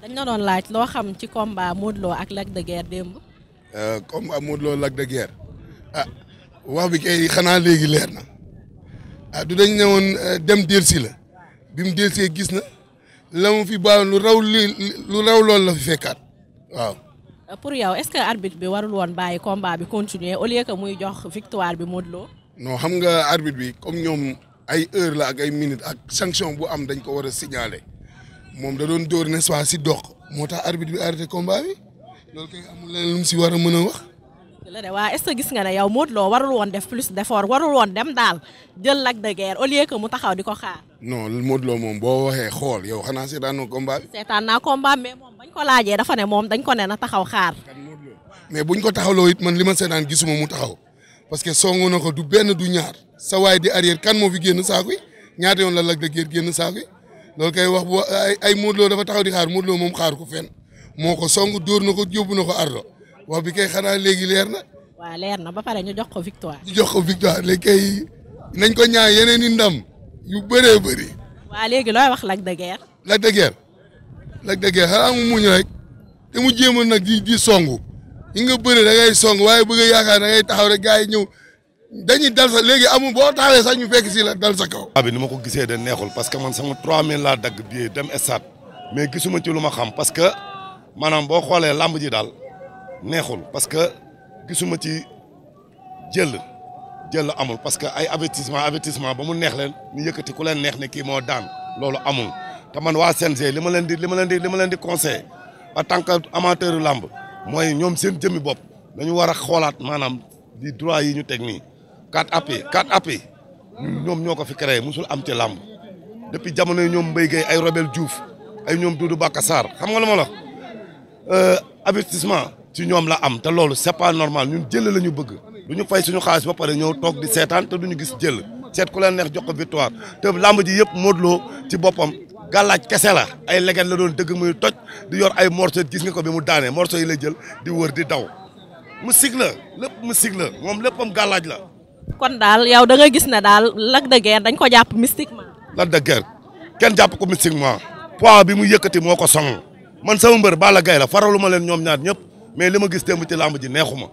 dañ la doon laaj loo xam ci combat Modou Lo ak Lac de Guiers démb. Euh, combat Modou Lo ah wax bi kay xanaa léegi leer na ah du dañ ne woon euh, dem delsi la bi mu delsee gis na la mu fi baax lu raw li la fi fekkaat waaw. Euh, pour yow est que arbitre bi warul woon bàyyi combat bi continuer au lieu muy jox victoire bi Modou non xam nga arbitre bi comme ñoom ay heure la ak ay minute ak sanction bu am dañ ko war a signaler moom da doon dóor n'est-ce si dox moo tax arbitre bi arrêté combat bi loolu kay si war a mën a wax. la waa est-ce yow Modou Lo warul woon def plus d'effort warul woon dem daal jël Lac de Guiers au que mu taxaw di ko xaar. non Modou Lo moom boo waxee xool yow xanaa seetaanoo combat bi. seetaan naa combat mais ko laajee dafa ne moom dañ ko ne na taxaw xaar. mais buñ ko taxawloo it man li ma seetaan gisuma mu taxaw. parce que songu na ko du benn du ñaar sa waay di arrière kan moo fi génn saako yi ñaata yoon la Lac génn saako yi loolu kay wax ay ay Modou dafa taxaw di xaar Modou Lo moom xaar ko fenn moo ko song dóor na ko yóbbu na ko ardo wax bi kay xanaa léegi leer na. waaw leer ba pare ñu jox ko victoire. ñu jox ko victoire léegi nañ ko ñaar yeneen i ndam yu bëree bëri. waaw léegi looy wax Lac de Guiers. mu muñ rek te mu jéemal nag di di songu. yi nga bëri da ngay waaye bëgg a yaakaar da ngay taxaw rek gars yi ñëw dañuy dal sa léegi amul boo taxawee sax ñu fekk si la dal sa kaw. abi ni ma ko gisee de neexul parce que man sama 3000 la dagg billet dem stade mais gisuma ci lu ma xam parce que maanaam boo xoolee lamb ji daal neexul parce que gisuma ci jël jël amul parce que ay avertissement avertissement ba mu neex leen ñu yëkkati ku leen neex ne kii moo daan loolu amul te man waa CNG li ma leen di li ma leen di ma leen di conseil en tant que amateur làmb mooy ñoom seen jëmmi bopp dañu war a xoolaat maanaam di droit yi ñu teg nii quatre appuis quatre appuis ñun ñoom ñoo ko fi créé musul am ci làmb depuis jamono yi ñoom Mbaye ay Robel Diouf ay ñoom Doudou Baka Sarr xam nga lu ma la euh, avertissement ci ñoom la am te loolu c'est pas normal ñun jël la ñu bëgg du ñu fay suñu xaalis ba pare ñëw toog di seetaan te ñu gis jël seet ku leen neex jox ko victoire te làmb ji yëpp Modou Lo ci boppam gàllaaj kese la ay legen la doon dëgg muy toj di yor ay morceau gis nga ko bi mu daanee morceau yi la jël di wër di daw mu sig la lépp mu sig la moom léppam gàllaaj la. kon daal yow da nga gis ne daal Lac de Guiers dañ ko jàpp mystiquement. Lac de Guiers kenn jàpp ko mystiquement poids bi mu yëkkati moo ko song man sama mbër Balla Gaye la faralu ma leen ñoom ñaar ñëpp mais li ma gis démb ci làmb ji neexu ma.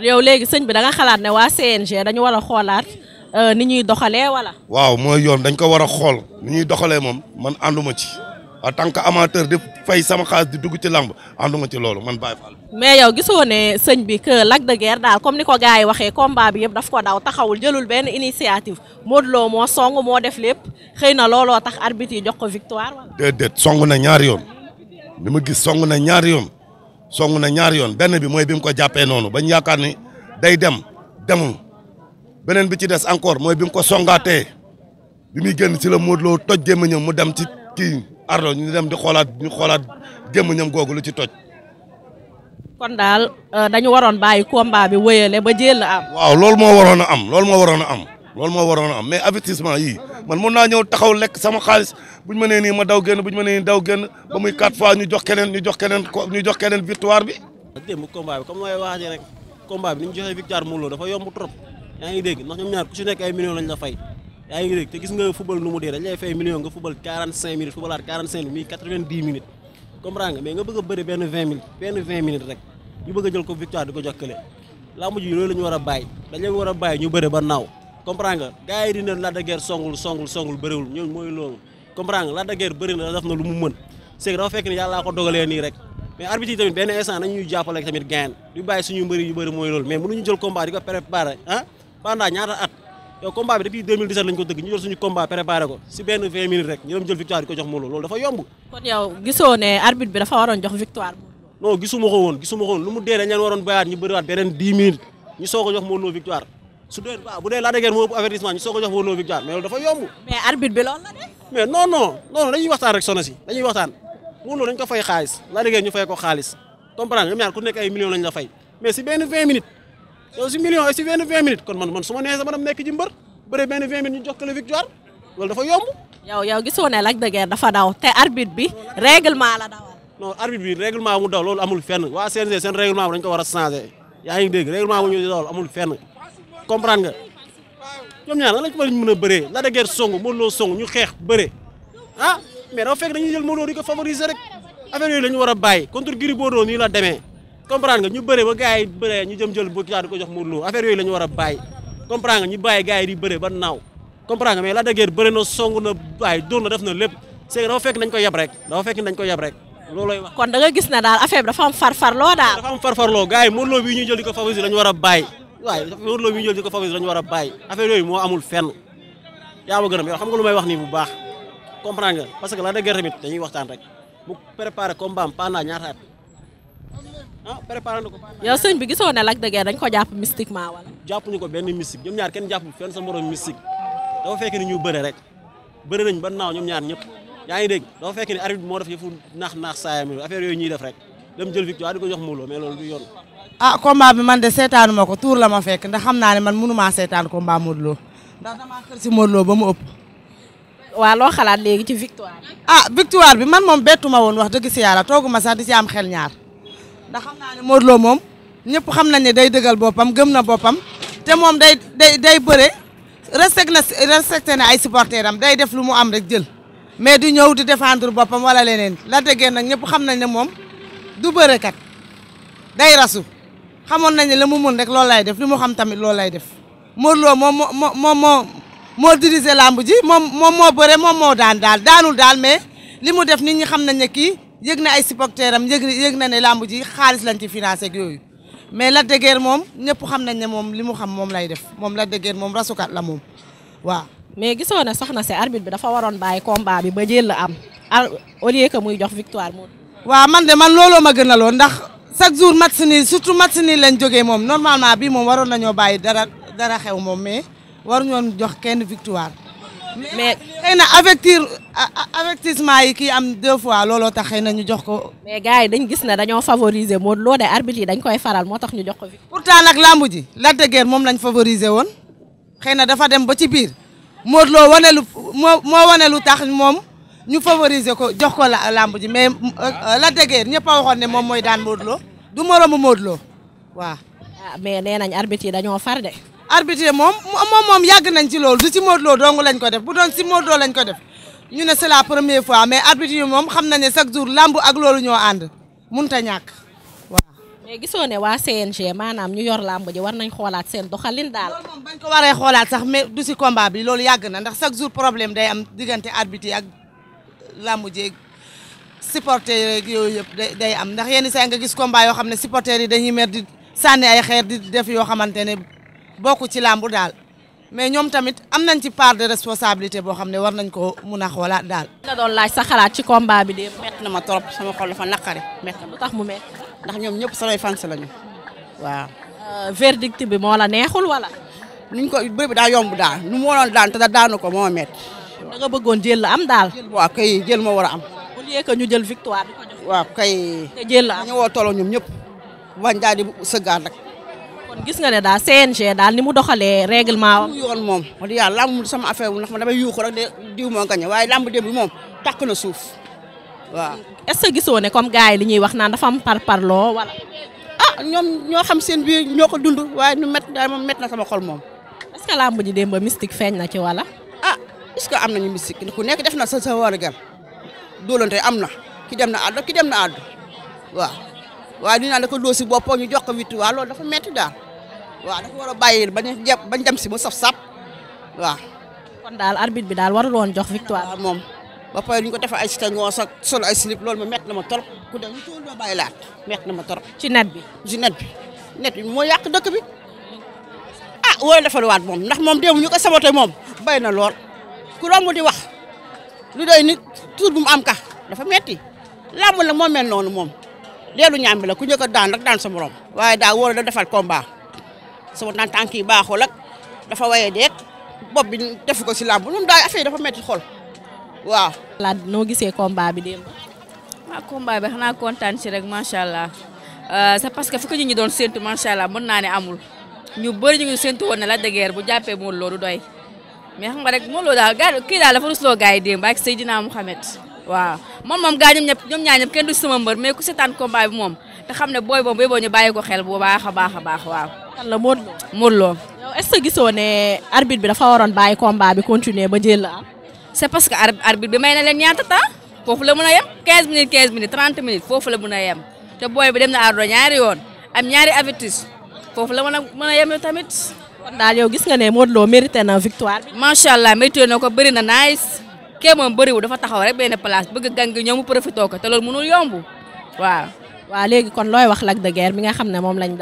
yow léegi sëñ bi da nga xalaat ne waa CNG dañu war a xoolaat. Euh, ni ñuy doxalee wala. waaw mooy yoon dañ ko war a xool ni ñuy doxalee moom man ànduma ci en tant que amateur di fay sama xaalis di dugg ci làmb ànduma ci loolu man Baye Fall. mais yow gisoo ne sëñ bi que Lac de Guiers daal comme ni ko gars yi waxee combat bi yëpp daf ko daw taxawul jëlul benn initiative Modou Lo moo song moo def lépp xëy na looloo tax arbitre jox ko victoire wala. song na ñaari yoon li ma gis song na ñaari yoon song na ñaari yoon benn bi mooy bi mu ko jàppee noonu bañ yaakaar day dem demul. beneen bi ci des encore mooy bi mu ko songaatee bi muy génn ci la muut Lo toj gémmiñam mu dem ci kii Ardo ñu dem di xoolaat ñu xoolaat gémmiñam googu lu ci toj. kon daal euh, dañu waroon bàyyi combat bi wéyale ba jéel a am. waaw lool moo waroon a am loolu moo waroon a am loolu moo waroon am mais avertissement yi man mun naa ñëw taxaw lekk sama xaalis bu ñu mën mënee nii ma daw génn bu ñu mënee nii daw génn ba muy quatre fois ñu jox keneen ñu jox keneen ñu jox keneen victoire bi. démb combat bi comme mooy wax ji rek combat Lo dafa yomb trop. yaa ngi dégg ndax ñoom ñaar ku ci nekk ay millions lañ la fay yaa ngi te gis nga football nu mu dee dañ lay fay million nga football 45 minutes footballaat 45 minutes muy 90 minutes comprends nga mais nga bëgg a bëri 20 minutes benn 20 minutes rek ñu bëgg a jël ko victoire di ko jox kële lamb ji loolu la ñu war a bàyyi dañ leen war a bàyyi ñu bëri ba naaw comprends nga gars yi di ne Lac de Guiers songul songul songul bëriwul ñoom mooy loolu comprends nga Lac de Guiers bëri na def na lu mu mën c'est que dafa fekk ni yàllaa ko dogalee nii rek mais arbitre tamit benn instant nañu ñu tamit gain di bàyyi suñu mbëri yu bëri mooy loolu mais mënuñu jël combat di préparer ah panda ñaata at yow combat bi depuis 2017 lañ ko deug ñu jël suñu combat préparé ko ci benn 20 minutes rek ñu dem jël victoire ko jox mo Lo loolu dafa yomb kon yow gissone arbitre bi dafa waron jox victoire non gisuma ko won gisuma ko won lu mu dee dañ leen waroon bayaat ñu bëriwaat benen 10 minutes ñu soko jox mo no victoire su dee waaw bu dé la dégué mo avertissement ñu soko jox mo no victoire mais loolu dafa yomb mais arbitre bi loolu la dé mais non non non dañuy waxtaan rek sonasi dañuy waxtaan mo Lo dañ ko fay xaliss la dégué ñu fay ko xaliss comprendre ñu ñaar ku nekk ay millions lañ la fay mais ci benn 20 minutes yow si million si benn vingt minutes kon man man su ma nee sama dem nekk ji mbër bëre benn vingt minutes ñu jox ko la victoire loolu dafa yomb. yow yow gisoo ne Lac de Guiers dafa daw te arbitre bi règlement la dawal. non arbitre bi règlement mu daw loolu amul fenn waa CNG seen règlement dañ ko war a changé yaa ngi dégg règlement bu ñu daw amul fenn comprendre nga ñoom ñaar nan lañ ko mun a bëree Lac de Guiers song Modou Lo ñu xeex bëree ah mais dafa fekk dañuy jël Modou Lo di ko favoriser rek la ñu war a bàyyi contre Gris Bordeaux nii la demee. comprendre nga ñu bëre ba gars yi bëree jël bu di ko jox Modou yooyu la ñu war a bàyyi comprendre nga ñu bàyyi gars yi di bëre ba naaw comprendre nga mais Lac de bëre na song na bàyyi dóor na def na lépp c'est dafa fekk nañ ko yeb rek dafa fekk nañ ko yeb rek loolooy wax kon da nga gis na daal affaire bi dafa am farfarloo daal dafa am farfarloo gars yi Modou Lo jël di ko favoriser la a bàyyi la ñu war a bàyyi yooyu moo amul fenn yaa ma gërëm yow xam nga lu may wax nii bu baax comprendre nga parce que Lac de Guiers tamit dañuy waxtaan rek mu préparé combat pendant ñaata at ah préparé na ko. yow sëñ bi gisoo ne Lac de Guiers dañ ko jàpp mystiquement wala. jàppuñu ko benn mystique ñoom ñaar kenn jàpp fenn sa morom mystique dafa fekk ni ñu bëre rek bëre nañ ba naaw ñoom ñaar ñëpp yaa ngi dégg dafa fekk ni arbitre moo def yëfu naax naax saayam affaire yooyu ñuy def rek dem jël victoire di ko jox Modou Lô mais ah, bi man de seetaanu ma ko tuur la ma fekk ndax xam naa ne man mënumaa seetaan combat Modou Lô ndax damaa kër si Modou Lô ba mu ëpp. waaw loo xalaat léegi ci victoire ah victoire bi man moom bettu woon wax dëgg si yàlla toogu ma sax di si am xel ñaar ndax xam naa ne Modou moom ñëpp xam nañ ne day dëgal boppam gëm na boppam te moom day day day bëre respecté na respecté na ay supporter am day def lu mu am rek jël mais du ñëw di defendre boppam wala leneen la déggee nag ñëpp xam nañ ne moom du bërekat day rasu xamoon nañ ne la mu mën rek loolu lay def li mu xam tamit loolu lay def Modou Lo moom moo moo moo moo dirigé làmb ji moom moom moo bëre moom moo daan daal daanul daal mais li mu def nit ñi xam nañ ne kii yëg na ay supporters am yëg yëg na ne làmb ji xaalis lañ ci financé yooyu mais Lac de moom ñëpp xam nañ ne moom li mu xam moom lay def moom la de moom rasukat la moom waaw. mais gisoo ne soxna si arbitre bi dafa waroon bàyyi combat bi ba jël la am au lieu que muy jox victoire moom. waaw man de man looloo ma gënaloon ndax chaque jour match nii surtout match nii lañ joge moom normalement bi moom waroon nañoo bàyyi dara dara xew moom mais waruñoon jox kenn victoire. mais xëy na avertir avertissement yi kii am deux fois looloo tax xëy na ñu jox ko. mais gars yi dañ gis ne dañoo favoriser Modou loo de arbitre yi dañ koy faral moo tax ñu jox ko fi. pourtant nag làmb ji Lac de moom lañ favoriser woon xëy na dafa dem ba ci biir Modou Lo wane lu moo moo wane lu tax moom ñu favoriser ko jox ko làmb ji mais euh, la de Guiers ñëpp a ne moom mooy daan Modou Lo du moromu Modou Lo waaw. ah mais nee nañ arbitre yi dañoo far de. arbitre moom moom moom yàgg nañ ci loolu du ci Modou Lo dong lañ ko def bu doon ci Modou Lo lañ ko def ñu ne c'est la premier fois mais arbitre yi moom xam nañ ne chaque jour làmb ak loolu ñoo ànd mënut a ñàkk waaw. mais gisoo ne waa CNG maanaam ñu yor làmb ji war nañ xoolaat seen doxalin daal. loolu moom bañ ko waree xoolaat sax mais du si combat bi loolu yàgg na ndax chaque jour problème day am diggante arbitre yi ak làmb jeeg supporter yeeg yooyu yëpp day am ndax yenn saa nga gis combat yoo xam ne supporter yi dañuy mer sànni ay xeer def yoo xamante ne. bokku ci làmb dal mais ñom tamit am nañ ci part de responsabilité bo xamné war nañ ko mëna a dal da doon laaj sa xalaat ci combat bi de. mett na ma torop sama xol dafa nakari mett na tax mu met ndax ñom ñëpp samay fans lañu waaw. Euh, verdict bi mo la neexul wala. niñ ko bëri da yomb da nu mo waroon daan te daanu ko mo met da nga bëggoon jël la am dal jël waaw kay jël mo wara am. bu lié que ñu jël victoire bi ko jox. waaw kay. te jël la ñu wo tolo ñom ñëpp. wañ daal di sëggaat nak gis nga ne daal CNG daal ni mu doxalee reglement mu yoon moom wax dëgg yàlla làmb sama affaire wu ndax man damay yuuxu rek de diw waaye làmb démb bi moom takk na suuf waaw. est ce que gisoo ne comme gars yi li ñuy wax naan dafa am par parloo wala. ah ñoom ñoo xam seen biir ñoo ko dund waaye nu met daal moom met na sama xol moom. est ce que làmb ji démb feeñ na ci walla ah est ce que am nañu mystique ku nekk def na sa sa war a gam dóolante am na ki dem na àddu ki dem na àddu waaw waaye dinaa si boppam ñu jox ko witt waaw loolu dafa metti daal. waaw dafa war a bàyyi bañ a jàpp bañ dem si mu saf sap waaw. kon daal arbitre bi daal warul woon jox victoire. moom ba pare ñu ko defee ay sita ngoos ak sol ay slip loolu ma mett na ma torop ku dem tool ba bàyyi laat mett na ma torop ci net bi ci net bi net bi moo yàq dëkk bi ah wooy defaluwaat moom ndax moom démb ñu ko saboté moom bay na lool ku romb di wax lu doy nit tuur bu mu am ka dafa metti làmb nag moo mel noonu moom leelu ñaam bi la ku njëkk a daan rek daan sa morom waaye daa wóor da defal combat sama tànk yi baaxul ak dafa waye deeg bopp bi def ko si làmb ñun daa affaire dafa métti xol waaw. laaj noo gisee combat bi démb. ah combat bi xanaa kontaan si rek macha allah euh, c'est parce que fu ko ñu ñu doon séntu macha allah mën naa ne amul ñu bëri ñu ngi séntu woon ne la dëgër bu jàppee moom loolu doy mais xam nga rek moom loolu daal kii daal dafa rusloo gars yi démb ak Seydina Mouhamed waaw moom moom gaa ñoom ñëpp ñoom ñaar ñëpp kenn du sama mbër booy boobu booy boo ñu ko xel bu baax a baax a baax waaw. kan la Modou Lo yow est ce que arbitre bi dafa waroon bàyyi combat bi continuer ba jël parce que arbitre bi may na ñaata 15 minutes 15 minutes 30 minutes foofu la mën a te booy bi dem na ardo ñaari yoon am ñaari avertis la a mën a tamit kon daal yow gis nga ne Modou mérité na victoire bi allah mérité na ko bëri na nice kee moom bëriwu dafa taxaw rek benn place bëgg gang ñëw mu profité ko te loolu mënul yomb waaw waaw léegi kon looy wax de guerre nga lañ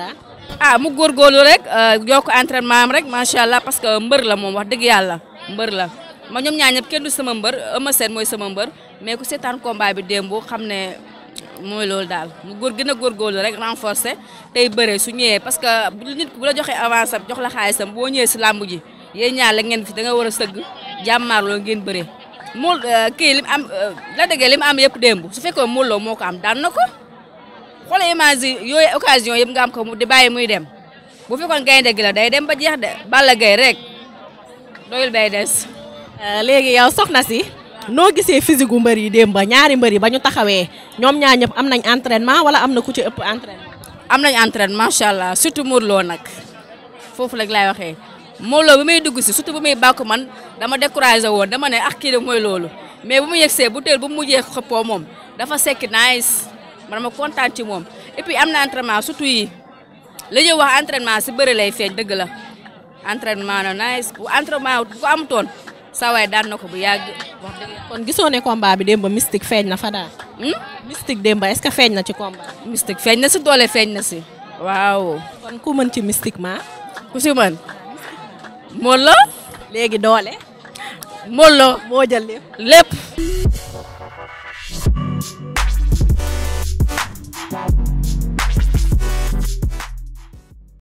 ah mu góorgóorlu rek euh, yokk entraînement am rek macha allah parce que mbër la moom wax dëgg yàlla mbër la ma ñoom ñaar ñëpp kenn du sama mbër Eumeu Sène mooy sama mbër mais ku seetaan combat bi démb xam ne mooy loolu daal mu góor gën a góorgóorlu rek renforcer tey bëree su ñëwee parce que bu nit bu la joxee avance am jox la xaalisam boo ñëwee si làmb ji yéen ñaar la ngeen fi da nga war a sëgg jàmmaarloo ngeen bëree. mool euh, kii li mu am euh, la déggee li mu am yëpp démb su fekkoon mooloo moo ko am daan xoolal image yooyu occasion yëpp nga am ko mu di bàyyi muy dem bu fekkoon gaynde gi la day dem ba jeex de Balla Gaye rek doyul bay des. Euh, léegi yow soxna si noo gisee physique gu mbër yi démb ba ñaari mbër yi ba ñu taxawee ñoom ñaar ñëpp am nañ entraînement wala am na ku ci ëpp entraînement. am nañ entraînement macha allah surtout Modou loo nag foofu rek laay waxee Modou Lo bi muy si surtout bu muy bàkku man dama découragé woon dama ne ak ah, kii mooy loolu mais bu mu yegsee bu teel bu mu mujjee xëppoo moom dafa sekk nice man ma kontaan ci moom et am na entraînement surtout yi li ñuy wax entraînement si bëri lay feeñ dëgg la entraînement na nice bu entraînement bu ko amutoon saa waay daan na ko bu yàgg wax kon gisoo ne combat bi démb mystique feeñ na fa daal. Hmm? mystique démb est que feeñ na ci combat. mystique feeñ na si doole feeñ na si. waaw. kon ku mën ci mystiquement. ku si mën. Modou Lo. léegi doole. Modou Lo moo jël lépp.